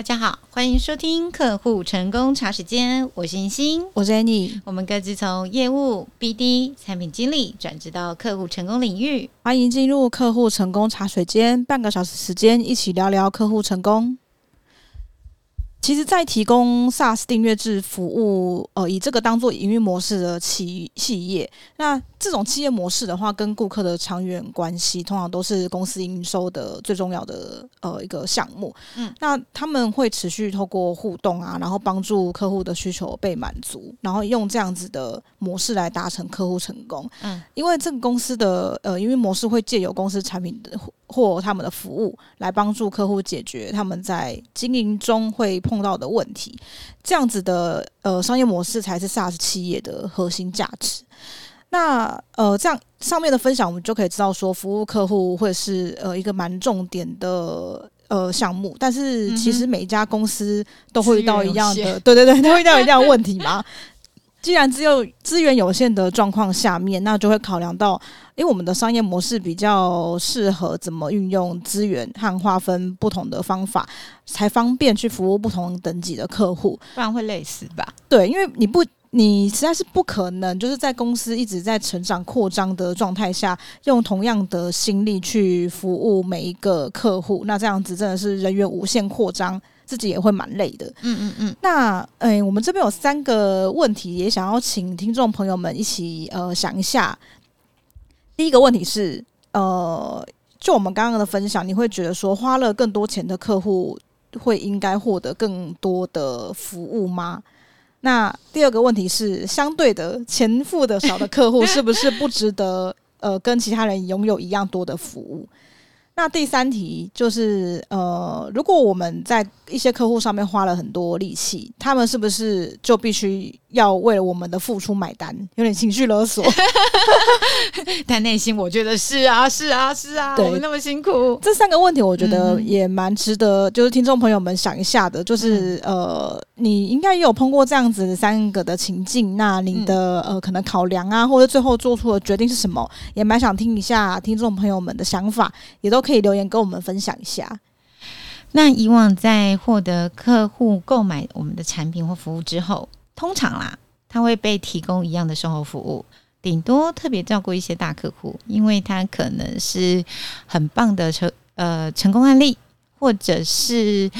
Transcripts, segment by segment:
大家好，歡迎收聽客戶成功茶水間。我是欣欣，我是安妮，我們各自從業務 BD、產品經理轉職到客戶成功領域。歡迎進入客戶成功茶水間，半個小時時間一起聊聊客戶成功。其實，在提供 SaaS 訂閱制服務，呃，以這個當做營運模式的企業企業，那這種企業模式的話，跟顧客的長遠關係通常都是公司營收的最重要的呃一個項目。嗯，那他們會持續透過互動啊，然後幫助客戶的需求被滿足，然後用這樣子的模式來達成客戶成功。嗯，因為這個公司的呃營運模式會借由公司產品的或他們的服務來幫助客戶解決他們在經營中會碰到的問題。這樣子的呃商業模式才是 SaaS 企業的核心價值。那呃，這樣上面的分享，我們就可以知道說，服務客戶會是呃一個蠻重點的呃項目。但是其實每一家公司都會遇到一樣的，對對對，都會遇到一樣的問題嘛。 既然只有資源有限的狀況下面，那就會考量到，因、欸、為我們的商業模式比較適合怎麼運用資源和劃分不同的方法，才方便去服務不同等級的客戶，不然會累死吧？對，因為你不。你實在是不可能，就是在公司一直在成長擴張的狀態下，用同樣的心力去服務每一個客戶。那這樣子真的是人員無限擴張，自己也會蠻累的。嗯嗯嗯。那，誒、欸，我們這邊有三個問題，也想要請聽眾朋友們一起，呃，想一下。第一個問題是，呃，就我們剛剛的分享，你會覺得說，花了更多錢的客戶會應該獲得更多的服務嗎？那第二個問題是，相對的，錢付的少的客戶是不是不值得？ 呃，跟其他人擁有一樣多的服務？那第三題就是，呃，如果我們在一些客戶上面花了很多力氣，他們是不是就必須要為了我們的付出買單？有點情緒勒索， 但內心我覺得是啊，是啊，是啊，我們對那麼辛苦。這三個問題我覺得也蠻值得，嗯、就是聽眾朋友們想一下的，就是、嗯、呃，你應該也有碰過這樣子三個的情境，那你的、嗯、呃可能考量啊，或者最後做出的決定是什麼？也蠻想聽一下聽眾朋友們的想法，也都可以。可以留言跟我們分享一下。那以往在獲得客戶購買我們的產品或服務之後，通常啦，他會被提供一樣的售後服務，頂多特別照顧一些大客戶，因為他可能是很棒的成，呃，成功案例，或者是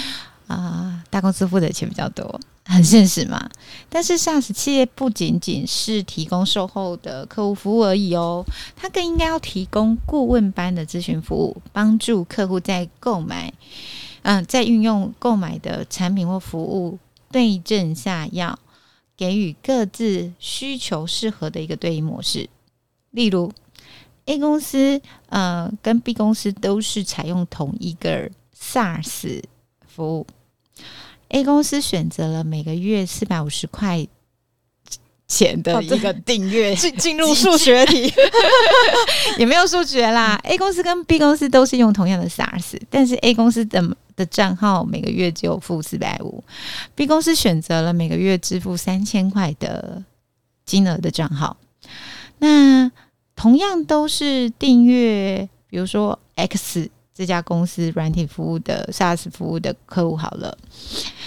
啊、呃、大公司付的錢比較多。很現實嘛？但是 SaaS 企業不僅僅是提供售後的客戶服務而已哦，它更應該要提供顧問般的諮詢服務，幫助客戶在購買，嗯、呃，在運用購買的產品或服務對症下藥，給予各自需求適合的一個對應模式。例如，A 公司呃跟 B 公司都是採用同一個 SaaS 服務。A 公司選擇了每個月四百五十塊錢的一個訂閱、啊，進進入數學題也沒有數學啦。嗯、A 公司跟 B 公司都是用同樣的 SaaS，但是 A 公司的的賬號每個月只有付四百五，B 公司選擇了每個月支付三千塊的金額的賬號。那同樣都是訂閱，比如說 X。這家公司軟體服務的 SaaS 服務的客戶，好了，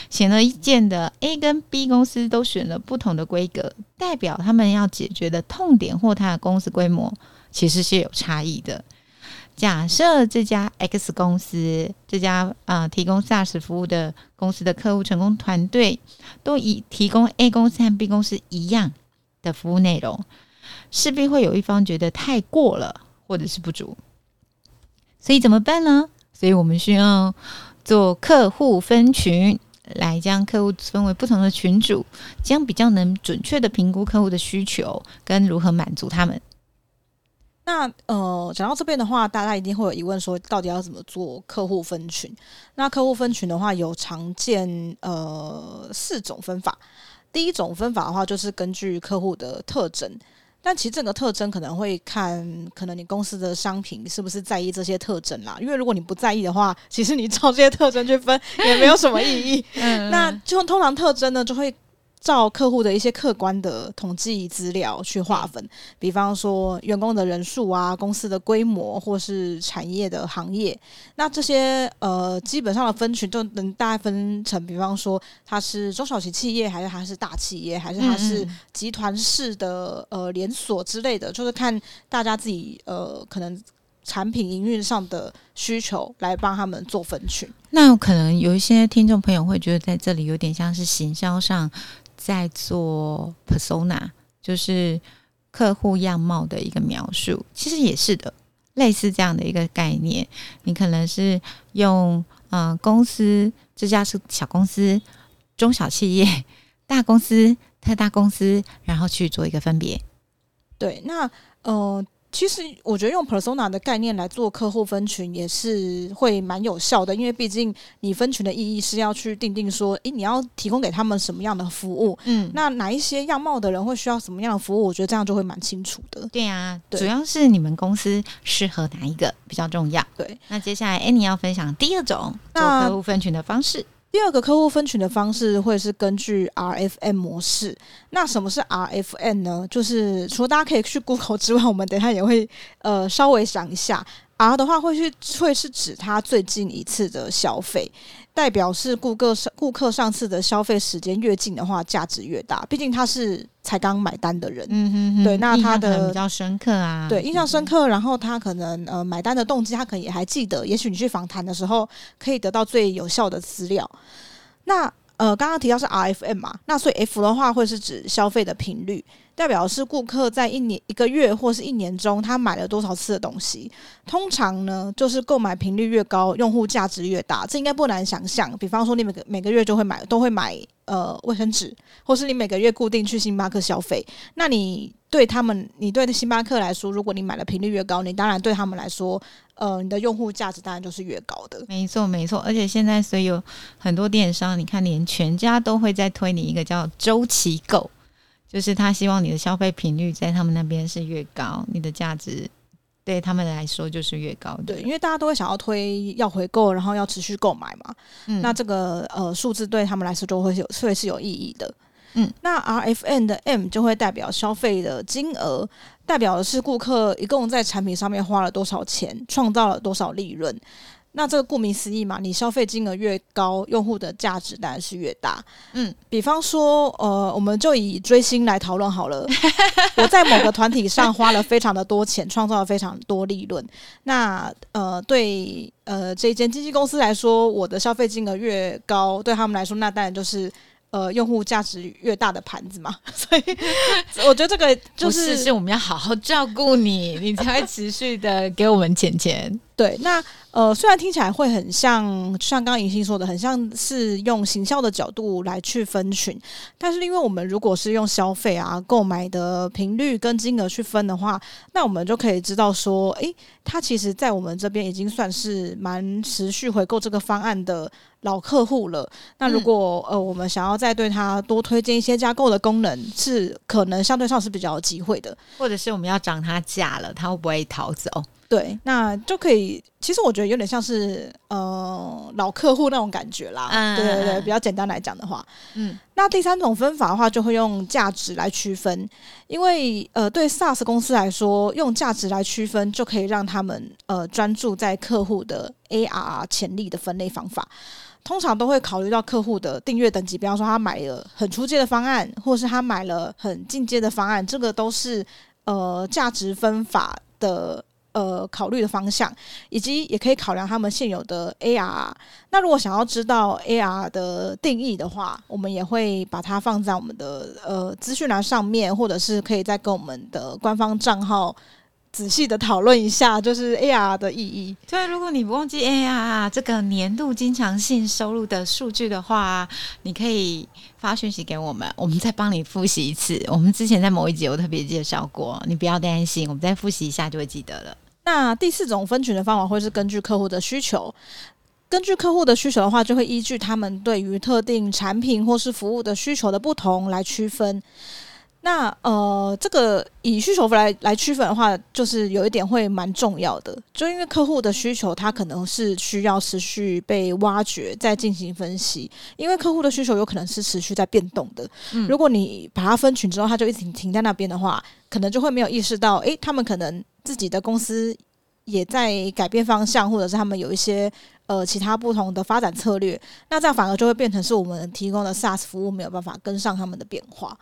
顯而易見的，A 跟 B 公司都選了不同的規格，代表他們要解決的痛點或他的公司規模其實是有差異的。假設這家 X 公司，這家啊、呃、提供 SaaS 服務的公司的客戶成功團隊都以提供 A 公司和 B 公司一樣的服務內容，勢必會有一方覺得太過了，或者是不足。所以怎麼辦呢？所以我們需要做客戶分群，來將客戶分為不同的群組，這樣比較能準確地評估客戶的需求跟如何滿足他們。那呃，講到這邊的話，大家一定會有疑問說，說到底要怎麼做客戶分群？那客戶分群的話，有常見呃四種分法。第一種分法的話，就是根據客戶的特徵。但其實這個特徵可能會看，可能你公司的商品是不是在意這些特徵啦？因為如果你不在意的話，其實你照這些特徵去分也沒有什麼意義。 那就通常特徵呢，就會。照客戶的一些客觀的統計資料去劃分，比方說員工的人數啊，公司的規模，或是產業的行業，那這些呃基本上的分群就能大概分成，比方說它是中小型企業，還是它是大企業，還是它是集團式的呃連鎖之類的，就是看大家自己呃可能產品營運上的需求來幫他們做分群。那有可能有一些聽眾朋友會覺得，在這裡有點像是行銷上。在做 persona，就是客戶樣貌的一個描述，其實也是的，類似這樣的一個概念。你可能是用嗯、呃，公司，這家是小公司、中小企業、大公司、特大公司，然後去做一個分別。對，那呃。其實我覺得用 persona 的概念來做客戶分群也是會蠻有效的，因為畢竟你分群的意義是要去定定說，誒，你要提供給他們什麼樣的服務？嗯，那哪一些樣貌的人會需要什麼樣的服務？我覺得這樣就會蠻清楚的。對啊，對，主要是你們公司適合哪一個比較重要？對，那接下來 Annie、欸、要分享第二種做客戶分群的方式。第二個客戶分群的方式會是根據 RFM 模式。那什麼是 RFM 呢？就是除了大家可以去 Google 之外，我們等一下也會呃稍微想一下。R 的話會去會是指他最近一次的消費，代表是顧客上顧客上次的消費時間越近的話，價值越大。畢竟他是才剛買單的人，嗯、哼哼對，那他的比較深刻啊，對，印象深刻。然後他可能呃買單的動機，他可能也還記得。也許你去訪談的時候，可以得到最有效的資料。那呃，剛剛提到是 RFM 嘛，那所以 F 的話會是指消費的頻率，代表是顧客在一年、一個月或是一年中他買了多少次的東西。通常呢，就是購買頻率越高，用戶價值越大，這應該不難想象。比方說，你每個每個月就會買，都會買。呃，衛生紙，或是你每個月固定去星巴克消費，那你對他們，你對星巴克來說，如果你買的頻率越高，你當然對他們來說，呃，你的用戶價值當然就是越高的。沒錯，沒錯，而且現在所以有很多電商，你看連全家都會在推你一個叫周期購，就是他希望你的消費頻率在他們那邊是越高，你的價值。對他們來說就是越高，對，因為大家都會想要推要回購，然後要持續購買嘛，嗯，那這個呃數字對他們來說就會是有所以是有意義的，嗯，那 RFM 的 M 就會代表消費的金額，代表的是顧客一共在產品上面花了多少錢，創造了多少利潤。那這個顧名思義嘛，你消費金額越高，用戶的價值當然是越大。嗯，比方說，呃，我們就以追星來討論好了。 我在某個團體上花了非常的多錢，創 造了非常多利潤。那，呃，對，呃，這間經紀公司來說，我的消費金額越高，對他們來說，那當然就是。呃，用戶價值越大的盤子嘛，所以我覺得這個就是，是，是我們要好好照顧你，你才會持續的給我們錢錢。 對，那呃，雖然聽起來會很像，像剛剛雲欣說的，很像是用行銷的角度來去分群，但是因為我們如果是用消費啊、購買的頻率跟金額去分的話，那我們就可以知道說，哎、欸，它其實，在我們這邊已經算是蠻持續回購這個方案的。老客戶了，那如果，嗯、呃，我們想要再對他多推薦一些加購的功能，是可能相對上是比較有機會的，或者是我們要漲他價了，他會不會逃走？對，那就可以，其實我覺得有點像是呃老客戶那種感覺啦，嗯、對對對，比較簡單來講的話，嗯，那第三種分法的話，就會用價值來區分，因為呃，對 SaaS 公司來說，用價值來區分就可以讓他們呃專注在客戶的 ARR 潛力的分類方法。通常都會考慮到客戶的訂閱等級，比方說他買了很初階的方案，或者是他買了很進階的方案，這個都是呃價值分法的呃考慮的方向，以及也可以考量他們現有的 AR。那如果想要知道 AR 的定義的話，我們也會把它放在我們的呃資訊欄上面，或者是可以再跟我們的官方賬號。仔細的討論一下，就是 AR 的意義。所以如果你不忘記 AR 這個年度經常性收入的數據的話，你可以發訊息給我們，我們再幫你復習一次。我們之前在某一集有特別介紹過，你不要擔心，我們再復習一下就會記得了。那第四種分群的方法會是根據客戶的需求，根據客戶的需求的話，就會依據他們對於特定產品或是服務的需求的不同來區分。那呃，這個以需求來來區分的話，就是有一點會蠻重要的，就因為客戶的需求，它可能是需要持續被挖掘再進行分析，因為客戶的需求有可能是持續在變動的。嗯、如果你把它分群之後，它就一直停，停在那邊的話，可能就會沒有意識到，哎，他們可能自己的公司。也在改變方向，或者是他們有一些呃其他不同的發展策略，那這樣反而就會變成是我們提供的 SaaS 服務沒有辦法跟上他們的變化。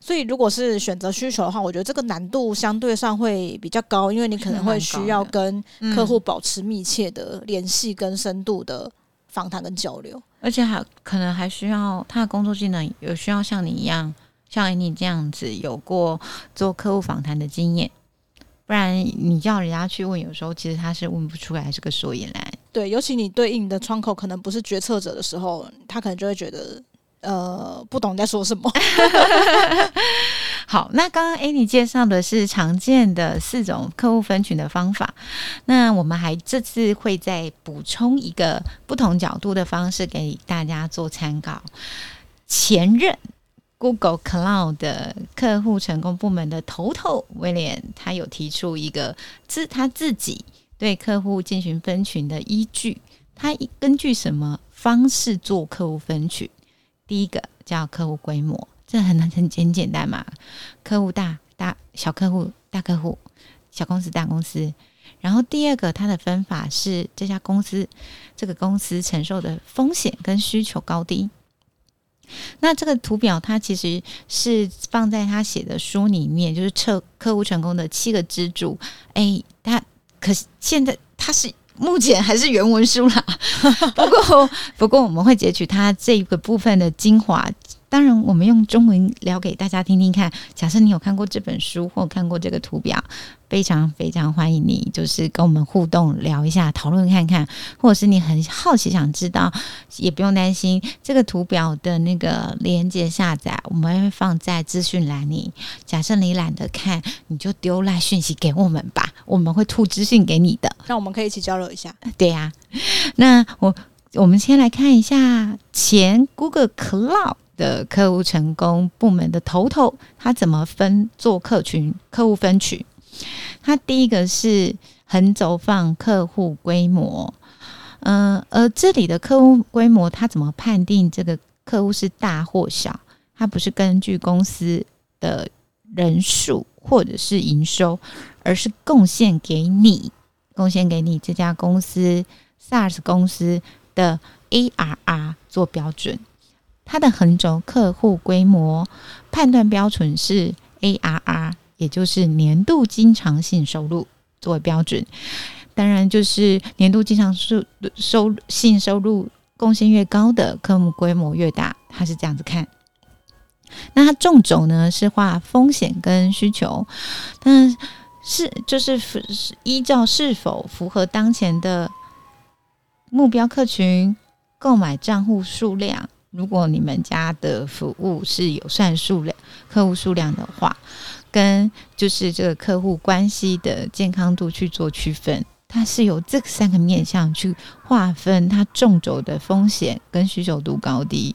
所以，如果是選擇需求的話，我覺得這個難度相對上會比較高，因為你可能會需要跟客戶保持密切的聯繫，跟深度的訪談跟交流，而且還可能還需要他的工作技能有需要像你一樣，像你這樣子有過做客戶訪談的經驗。不然你叫人家去問，有時候其實他是問不出來，這個所以然。對，尤其你對應的窗口可能不是決策者的時候，他可能就會覺得呃，不懂你在說什麼。 好，那剛剛 Annie 介紹的是常見的四種客戶分群的方法，那我們還這次會再補充一個不同角度的方式給大家做參考。前任。Google Cloud 的客戶成功部門的頭頭威廉，William, 他有提出一個自他自己對客戶進行分群的依據。他根據什麼方式做客戶分群？第一個叫客戶規模，這很難很簡簡單嘛，客戶大大小客戶，大客戶，小公司大公司。然後第二個，他的分法是這家公司這個公司承受的風險跟需求高低。那這個圖表，它其實是放在他寫的書裡面，就是“客客戶成功的七個支柱”欸。哎，他可是現在他是目前還是原文書啦， 不過不過我們會截取他這一個部分的精華。當然，我們用中文聊給大家聽聽看。假設你有看過這本書或看過這個圖表，非常非常歡迎你，就是跟我們互動聊一下、討論看看，或者是你很好奇想知道，也不用擔心這個圖表的那個鏈接下載，我們會放在資訊欄裡。假設你懶得看，你就丟來訊息給我們吧，我們會吐資訊給你的。那我們可以一起交流一下。對呀、啊，那我我們先來看一下前 Google Cloud。的客戶成功部門的頭頭，他怎麼分做客群客戶分群？他第一個是橫軸放客戶規模，嗯、呃，而這裡的客戶規模，他怎麼判定這個客戶是大或小？他不是根據公司的人數或者是營收，而是貢獻給你，貢獻給你這家公司 SaaS 公司的 ARR 做標準。它的橫軸客戶規模判斷標準是 ARR，也就是年度經常性收入作為標準。當然，就是年度經常收收性收入貢獻越高的客戶規模越大，它是這樣子看。那它縱軸呢是畫風險跟需求，但是，是就是依照是否符合當前的目標客群購買賬戶數量。如果你們家的服務是有算數量客戶數量的話，跟就是這個客戶關係的健康度去做區分，它是由這三個面向去劃分它縱軸的風險跟需求度高低。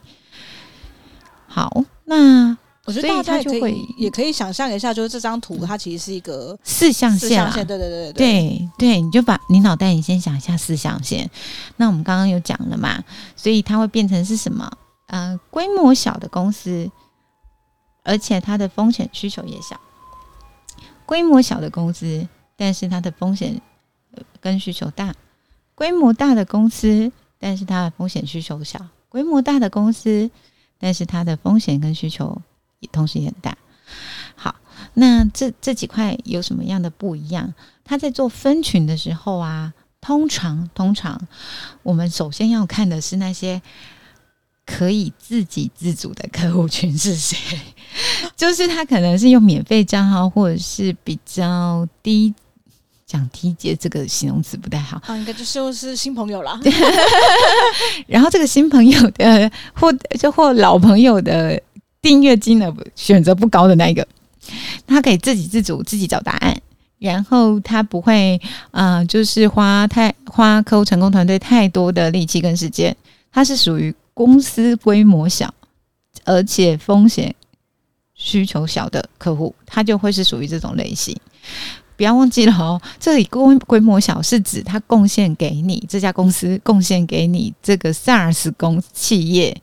好，那我覺得大家就會可以也可以想象一下，就是這張圖它其實是一個四象限，對對對對對對，你就把你腦袋你先想一下四象限。那我們剛剛有講了嘛，所以它會變成是什麼？嗯，規模小的公司，而且它的風險需求也小；規模小的公司，但是它的風險跟需求大；規模大的公司，但是它的風險需求小；規模大的公司，但是它的風險跟需求也同時也很大。好，那這這幾塊有什麼樣的不一樣？他在做分群的時候啊，通常通常我們首先要看的是那些。可以自給自足的客戶群是誰？對就是他可能是用免費賬號，或者是比較低講低階，這個形容詞不太好哦、啊，應該就是是新朋友啦 然後這個新朋友的，或就或老朋友的訂閱金額，選擇不高的那一個，他可以自給自足，自己找答案，然後他不會啊、呃，就是花太花客戶成功團隊太多的力氣跟時間，他是屬於。公司規模小，而且風險需求小的客戶，他就會是屬於這種類型。不要忘記了哦，這裡規規模小是指他貢獻給你這家公司，貢獻給你這個 SaaS 公企業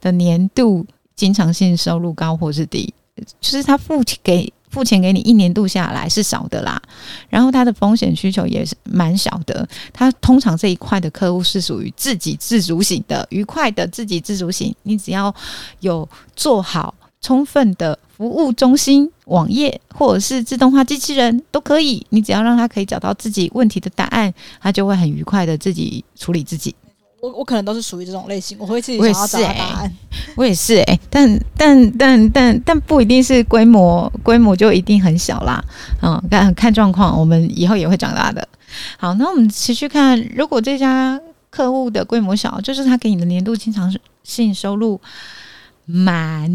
的年度經常性收入高或是低，就是他付給。付錢給你一年度下來是少的啦，然後他的風險需求也是蠻小的。他通常這一塊的客戶是屬於自己自主型的，愉快的自己自主型。你只要有做好充分的服務中心網頁或者是自動化機器人都可以，你只要讓他可以找到自己問題的答案，他就會很愉快的自己處理自己。我我可能都是屬於這種類型，我會自己想找答、答、答案我、欸。我也是誒、欸，但但但但但不一定是規模規模就一定很小啦，嗯，看看狀況，我們以後也會長大的。好，那我們持續看，如果這家客戶的規模小，就是他給你的年度經常性收入滿。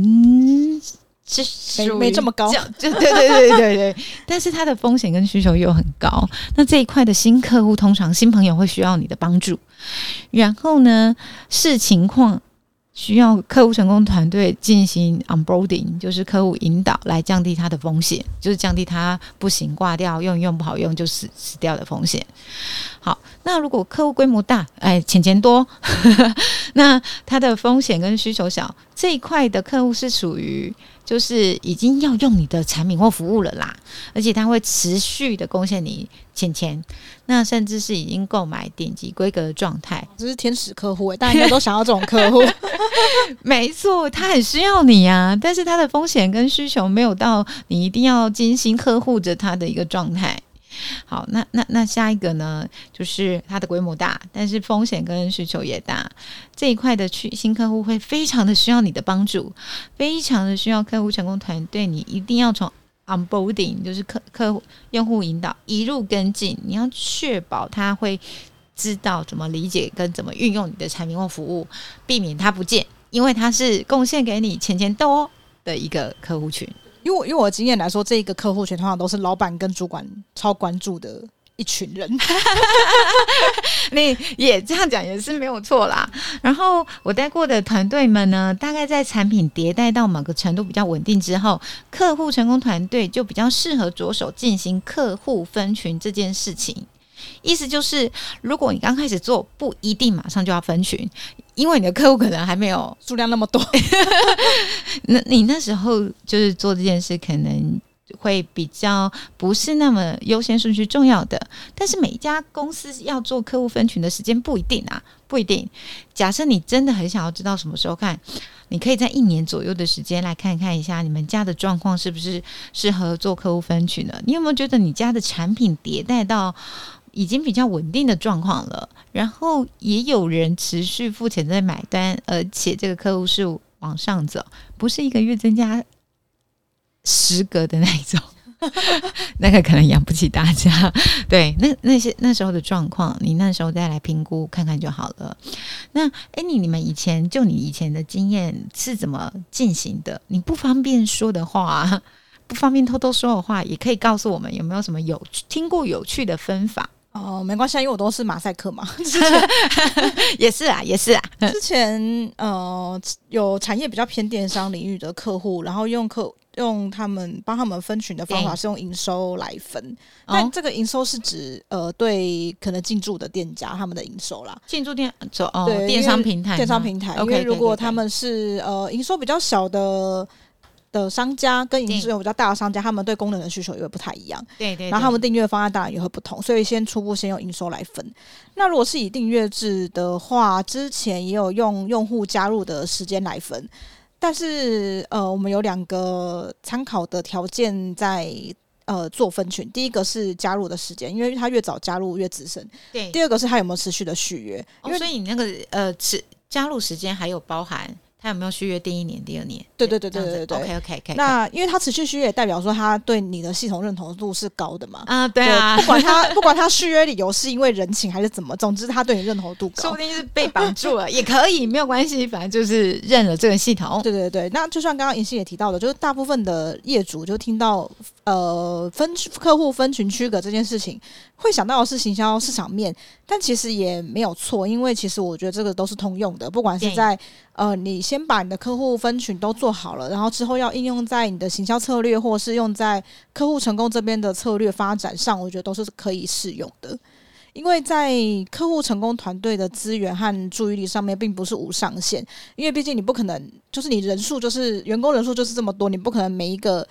是沒沒這麼高這，就對對對對對，對， 但是它的風險跟需求又很高。那這一塊的新客戶，通常新朋友會需要你的幫助。然後呢，視情況需要客戶成功團隊進行 onboarding，就是客戶引導，來降低它的風險，就是降低它不行掛掉、用用不好用就死死掉的風險。好，那如果客戶規模大，哎、欸，錢錢多， 那它的風險跟需求小，這一塊的客戶是屬於。就是已經要用你的產品或服務了啦，而且他會持續的貢獻你錢錢，那甚至是已經購買頂級規格的狀態，這是天使客戶誒，大家都想要這種客戶。 沒錯，他很需要你啊，但是他的風險跟需求沒有到你一定要精心呵護着他的一個狀態。好，那那那下一個呢？就是它的規模大，但是風險跟需求也大。這一塊的去新客戶會非常的需要你的幫助，非常的需要客戶成功團隊。你一定要從 onboarding，就是客客戶用戶引導一路跟進，你要確保他會知道怎麼理解跟怎麼運用你的產品或服務，避免他不見，因為他是貢獻給你錢錢多的一個客戶群。因為，因為我的經驗來說，這一個客戶群通常都是老板跟主管超關注的一群人。 你也這樣講也是沒有錯啦。然後我帶過的團隊們呢，大概在產品迭代到某個程度比較穩定之後，客戶成功團隊就比較適合着手進行客戶分群這件事情。意思就是，如果你剛開始做，不一定馬上就要分群，因為你的客戶可能還沒有數量那麼多。 那你那時候就是做這件事，可能會比較不是那麼優先順序重要的。但是每家公司要做客戶分群的時間不一定啊，不一定。假設你真的很想要知道什麼時候看，你可以在一年左右的時間來看看一下你們家的狀況是不是適合做客戶分群呢？你有沒有覺得你家的產品迭代到，已經比較穩定的狀況了，然後也有人持續付錢在買單，而且這個客戶是往上走，不是一個月增加十格的那一種， 那個可能養不起大家。對，那那些那時候的狀況，你那時候再來評估看看就好了。那 Annie，你們以前就你以前的經驗是怎麼進行的？你不方便說的話，不方便偷偷說的話，也可以告訴我們有沒有什麼有聽過有趣的分法。哦、呃，沒關係，因為我都是馬賽克嘛。 也是啊，也是啊。之前呃，有產業比較偏電商領域的客戶，然後用客用他們幫他們分群的方法是用營收來分。欸、但這個營收是指呃，對可能進駐的店家他們的營收啦。進駐店就對為電商平台電商平台，OK，如果他們是呃營收比較小的的商家跟營收比較大的商家，對他們對功能的需求也會不太一樣。對，對對。然後他們訂閱的方案當然也會不同，所以先初步先用營收來分。那如果是以訂閱制的話，之前也有用用戶加入的時間來分，但是呃，我們有兩個參考的條件在呃做分群。第一個是加入的時間，因為他越早加入越資深。對。第二個是他有沒有持續的續約。哦，因為所以你那個呃，是加入時間還有包含？他有沒有續約？第一年、第二年？對對對，對對，對,對,對。這樣子。OK OK OK, okay。那因為他持續續約，也代表說他對你的系統認同度是高的嘛？啊，對啊。不管他不管他續約理由是因為人情還是怎麼，總之他對你認同度高， 說不定是被綁住了，也可以沒有關係， 反正就是認了這個系統。 對對對，對那就像剛剛銀杏也提到的，就是大部分的業主就聽到。呃，分客戶分群區隔這件事情，會想到的是行銷市場面，但其實也沒有錯，因為其實我覺得這個都是通用的，不管是在，嗯，呃，你先把你的客戶分群都做好了，然後之後要應用在你的行銷策略，或是用在客戶成功這邊的策略發展上，我覺得都是可以適用的，因為在客戶成功團隊的資源和注意力上面，並不是無上限，因為畢竟你不可能，就是你人數就是員工人數就是這麼多，你不可能每一個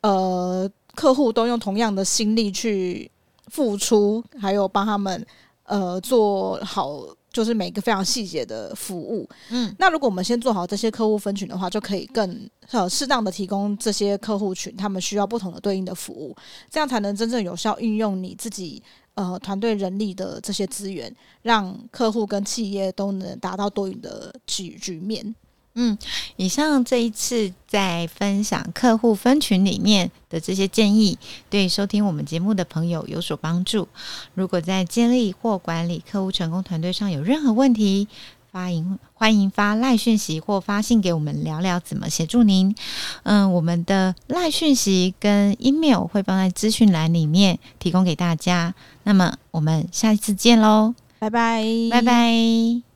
呃。客戶都用同樣的心力去付出，還有幫他們呃做好，就是每個非常細節的服務。嗯，那如果我們先做好這些客戶分群的話，就可以更呃適當的提供這些客戶群他們需要不同的對應的服務，這樣才能真正有效運用你自己呃團隊人力的這些資源，讓客戶跟企業都能達到多贏的局局面。嗯，以上這一次在分享客戶分群裡面的這些建議，對收聽我們節目的朋友有所幫助。如果在建立或管理客戶成功團隊上有任何問題，歡迎歡迎發 LINE 訊息或發信給我們聊聊怎麼協助您。嗯，我們的 LINE 訊息跟 email 會放在資訊欄裡面提供給大家。那麼我們下次見嘍，拜拜 bye，拜拜。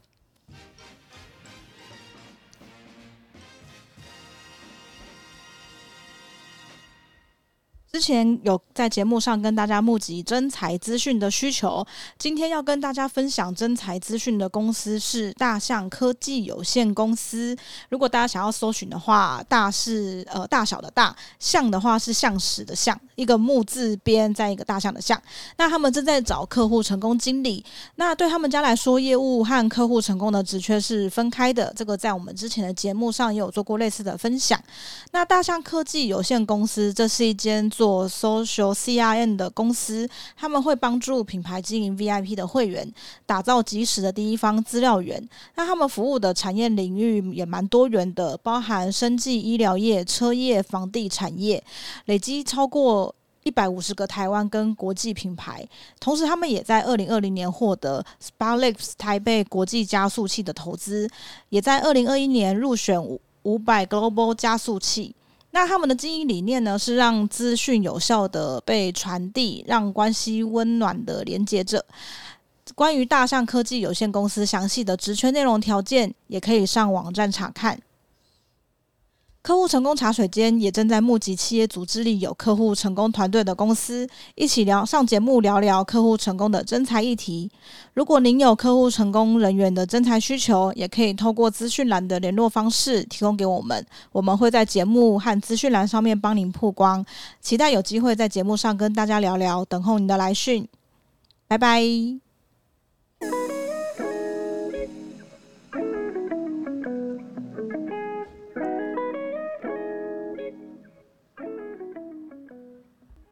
之前有在節目上跟大家募集徵才資訊的需求，今天要跟大家分享徵才資訊的公司是大橡科技有限公司。如果大家想要搜尋的話，大是呃大小的“大”，橡的話是橡實的“橡”，一個木字邊再一個大象的“象”。那他們正在找客戶成功經理。那對他們家來說，業務和客戶成功的職缺是分開的。這個在我們之前的節目上也有做過類似的分享。那大橡科技有限公司，這是一間，做 Social CRM 的公司，他們會幫助品牌經營 VIP 的會員，打造即時的第一方資料源。那他們服務的產業領域也蠻多元的，包含生技、醫療業、車業、房地產業，累積超過一百五十個台灣跟國際品牌。同時，他們也在二零二零年獲得 SparkLabs 台北國際加速器的投資，也在二零二一年入選五百 Global 加速器。那他們的經營理念呢，是讓資訊有效的被傳遞，讓關係溫暖的連結著。關於大橡科技有限公司詳細的職缺內容、條件，也可以上網站查看。客戶成功茶水間也正在募集企業組織裡有客戶成功團隊的公司，一起聊上節目聊聊客戶成功的徵才議題。如果您有客戶成功人員的徵才需求，也可以透過資訊欄的聯絡方式提供給我們，我們會在節目和資訊欄上面幫您曝光。期待有機會在節目上跟大家聊聊，等候您的來訊，拜拜。